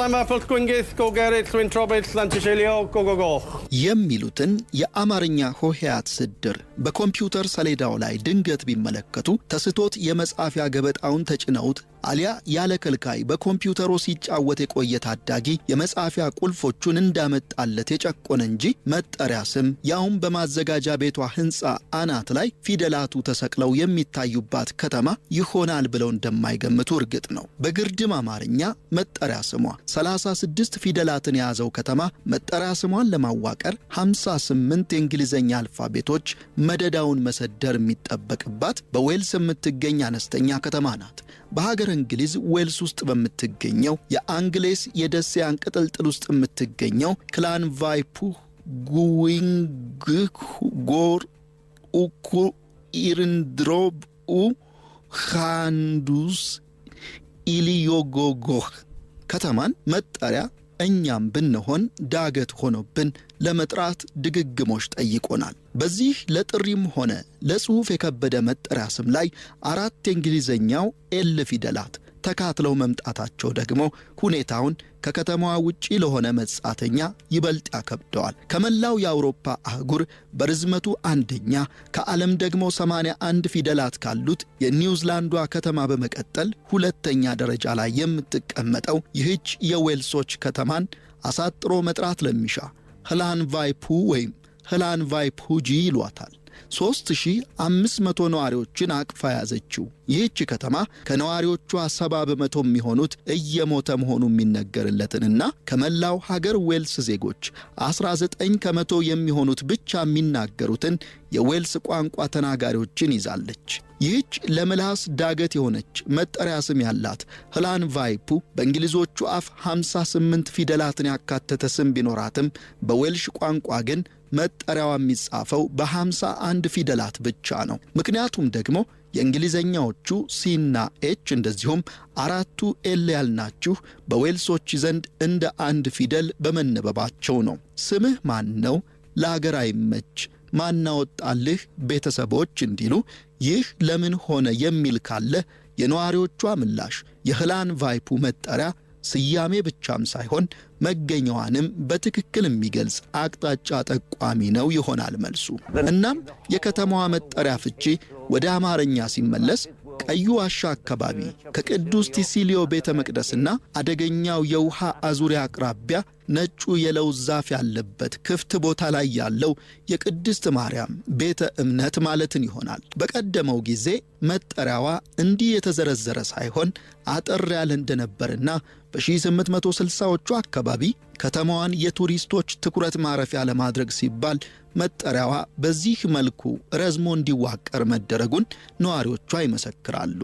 ፕልት ኩንጌስ ጎገሬት ዊንትሮቤት ላንትሽሊዮ ጎጎጎ የሚሉትን የአማርኛ ሆሄያት ስድር በኮምፒውተር ሰሌዳው ላይ ድንገት ቢመለከቱ ተስቶት የመጻፊያ ገበጣውን ተጭነውት አሊያ ያለ ከልካይ በኮምፒውተሩ ሲጫወት የቆየ ታዳጊ የመጻፊያ ቁልፎቹን እንዳመጣለት የጨቆነ እንጂ መጠሪያ ስም ያውም በማዘጋጃ ቤቷ ሕንፃ አናት ላይ ፊደላቱ ተሰቅለው የሚታዩባት ከተማ ይሆናል ብለው እንደማይገምቱ እርግጥ ነው። በግርድም አማርኛ መጠሪያ ስሟ 36 ፊደላትን የያዘው ከተማ መጠሪያ ስሟን ለማዋቀር 58 የእንግሊዝኛ አልፋቤቶች መደዳውን መሰደር የሚጠበቅባት በዌልስ የምትገኝ አነስተኛ ከተማ ናት። በሀገር እንግሊዝ ዌልስ ውስጥ በምትገኘው የአንግሌስ የደሴያን ቅጥልጥል ውስጥ የምትገኘው ክላን ክላንቫይፑ ጉዊንግህ ጎር ኡኩ ኢርንድሮብ ኡ ሃንዱስ ኢልዮጎጎህ ከተማን መጠሪያ እኛም ብንሆን ዳገት ሆኖብን ለመጥራት ድግግሞሽ ጠይቆናል። በዚህ ለጥሪም ሆነ ለጽሑፍ የከበደ መጠሪያ ስም ላይ አራት የእንግሊዘኛው ኤል ፊደላት ተካትለው መምጣታቸው ደግሞ ሁኔታውን ከከተማዋ ውጪ ለሆነ መጻተኛ ይበልጥ ያከብደዋል። ከመላው የአውሮፓ አህጉር በርዝመቱ አንደኛ ከዓለም ደግሞ 81 ፊደላት ካሉት የኒውዚላንዷ ከተማ በመቀጠል ሁለተኛ ደረጃ ላይ የምትቀመጠው ይህች የዌልሶች ከተማን አሳጥሮ መጥራት ለሚሻ ህላን ቫይፑ ወይም ህላን ቫይፑጂ ይሏታል። 3500 ነዋሪዎችን አቅፋ ያዘችው ይህች ከተማ ከነዋሪዎቹ ሰባ በመቶ የሚሆኑት እየሞተ መሆኑ የሚነገርለትንና ከመላው ሀገር ዌልስ ዜጎች 19 ከመቶ የሚሆኑት ብቻ የሚናገሩትን የዌልስ ቋንቋ ተናጋሪዎችን ይዛለች። ይህች ለምላስ ዳገት የሆነች መጠሪያ ስም ያላት ህላን ቫይፑ በእንግሊዞቹ አፍ 58 ፊደላትን ያካተተ ስም ቢኖራትም በዌልሽ ቋንቋ ግን መጠሪያዋ የሚጻፈው በ51 ፊደላት ብቻ ነው። ምክንያቱም ደግሞ የእንግሊዘኛዎቹ ሲና ኤች እንደዚሁም አራቱ ኤል ያልናችሁ በዌልሶች ዘንድ እንደ አንድ ፊደል በመነበባቸው ነው። ስምህ ማን ነው? ለአገር አይመች ማናወጣልህ ቤተሰቦች እንዲሉ ይህ ለምን ሆነ የሚል ካለ የነዋሪዎቿ ምላሽ የህላን ቫይፑ መጠሪያ ስያሜ ብቻም ሳይሆን መገኛዋንም በትክክል የሚገልጽ አቅጣጫ ጠቋሚ ነው ይሆናል መልሱ። እናም የከተማዋ መጠሪያ ፍቺ ወደ አማርኛ ሲመለስ ቀዩ ዋሻ አካባቢ ከቅዱስ ቲሲሊዮ ቤተ መቅደስና አደገኛው የውሃ አዙሪያ አቅራቢያ ነጩ የለውዝ ዛፍ ያለበት ክፍት ቦታ ላይ ያለው የቅድስት ማርያም ቤተ እምነት ማለትን ይሆናል። በቀደመው ጊዜ መጠሪያዋ እንዲህ የተዘረዘረ ሳይሆን አጠር ያለ እንደነበርና በ1860ዎቹ አካባቢ ከተማዋን የቱሪስቶች ትኩረት ማረፊያ ለማድረግ ሲባል መጠሪያዋ በዚህ መልኩ ረዝሞ እንዲዋቀር መደረጉን ነዋሪዎቿ ይመሰክራሉ።